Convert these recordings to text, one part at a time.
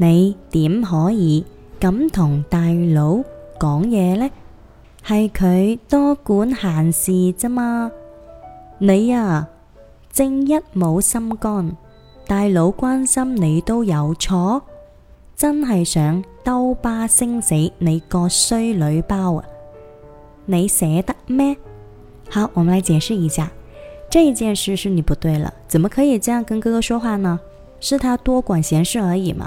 你點可以咁同大佬講嘢呢？係佢多管閒事啫嘛。你啊，正一冇心肝，大佬關心你都有錯，真係想兜巴星死你個衰女包啊！你捨得咩？好，我哋嚟解釋一下。這件事是你不對了，怎麼可以這樣跟哥哥說話呢？是他多管閒事而已嘛。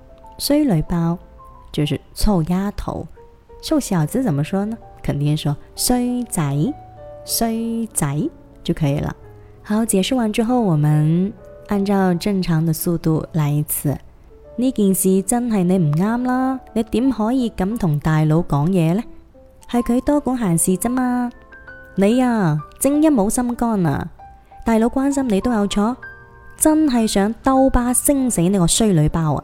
衰女包，就是臭丫頭，臭小子怎麼說呢？肯定說衰仔，衰仔就可以了。好，解釋完之後，我們按照正常的速度來一次。呢件事真係你唔啱啦，你點可以咁同大佬講嘢呢？係佢多管閒事啫嘛。你呀、啊，正一冇心肝啊！大佬關心你都有錯，真係想兜巴星死呢個衰女包啊！